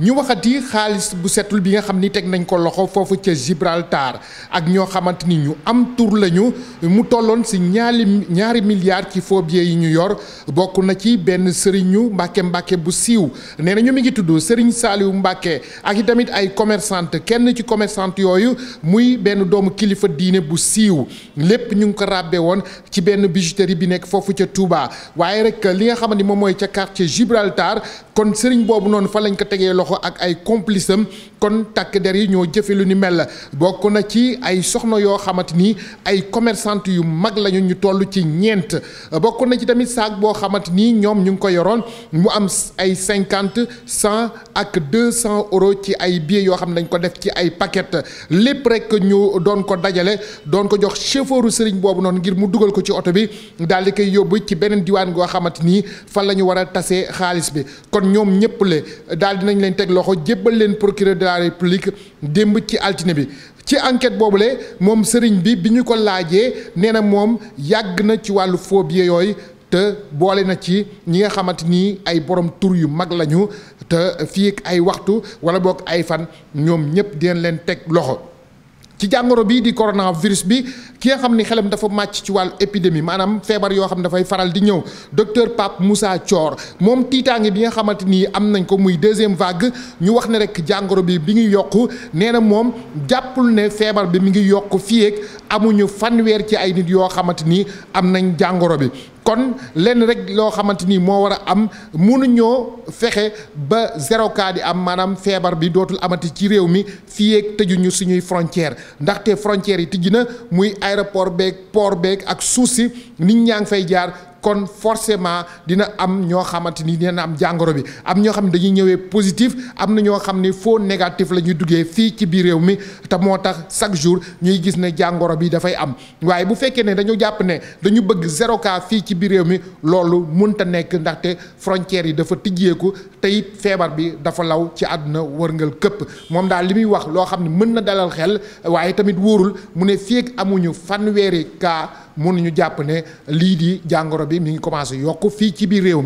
ñu waxati xaalis bu setul bi nga xam ni teg nañ ko loxo foofu ca Gibraltar ak ñoo xamante ni ñu am tur lañu mu tolloon si ñaari ñaari milliards ci foobier yi ñu yor bokk na ci benn sëriñu Mbàkke Mbàkke bu siiw nee na ñu mi ngi tudd Sëriñ Saaliwu Mbàkke ak i tamit ay commerçante kenn ci commerçante yooyu muy benn doomu kilifa diine bu siiw lépp ñu ngi ko ràbbee woon ci benn bijouterie bi nekk foofu ca Touba waaye rek li nga xamante ni moom mooy ca quartier Gibraltar kon sëriñ boobu noonu fa lañ ko tegee loxo ak ay complice am kon takk der yi ñoo jëfe lu ni mel bokk na ci ay soxna yoo xamante ni ay commerçante yu mag lañu ñu toll ci ñeent bokk na ci tamit saag boo xamante ni ñoom ñu ngi ko yoroon mu am ay cinquante cent ak deux cent euros ci ay billets yoo xam ne dañ ko def ci ay paquet lépp rek ñu doon ko dajale doon ko jox chauffeuru sëriñ boobu noonu ngir mu dugal ko ci oto bi daal di koy yóbbu ci beneen diwaan goo xamante ni fan la ñu war a tasee xaalis bi ñoom ñëpp le daal dinañ leen teg loxo jébbal leen procureur de la république démb ci altine bi ci enquête boobule moom sëriñ bi bi ñu ko laajee nee na moom yàgg na ci wàllu phobie yooyu te boole na ci ñi nga xamante ni ay borom tur yu mag lañu te fii ay waxtu wala boog ay fan ñoom ñëpp dinañ leen teg loxo. ci jàngoro bii di coronavirus bi ki nga xam ni xelam dafa màcc ci wàll épidémie maanaam feebar yoo xam ne dafay faral di ñëw docteur Pape Moussa Thior moom tiitaange bi nga xamante ni am nañ ko muy deuxième vague ñu wax ne rek jàngoro bi bi ngi yokku nee na moom jàppul ne feebar bi mu ngi yokk fii ak amuñu fanweer ci ay nit yoo xamante ni am nañ jàngoro bi kon lenn rek loo xamante ni moo war a am mënuñoo fexe ba zéro cas am maanaam feebar bi dootul amati ci réew mi fii tëjuñu suñuy frontière ndaxte frontières yi tijji na muy aéroport beeg port beeg ak suuf si nit ñaa ngi fay jaar. kon forcément dina am ñoo xamante ni dina am jàngoro bi am ñoo xam ne dañuy ñëwee positif am na ñoo xam ni foo négatif la ñuy duggee fii ci biir réew mi te moo tax chaque jour ñuy gis ne jàngoro bi dafay am waaye bu fekkee ne dañu jàpp ne dañu bëgg zéro cas fii ci biir réew mi loolu mënta nekk ndaxte frontières yi dafa tijjeeku tey feebar bi dafa law ci àdduna wërngal këpp moom daal li muy wax loo xam ne mën na dalal xel waaye tamit wóorul mu ne fii amuñu fanweeri cas. mënuñu jàpp ne lii di jàngoro bi mi ngi commencé yokk fii ci biir réew mi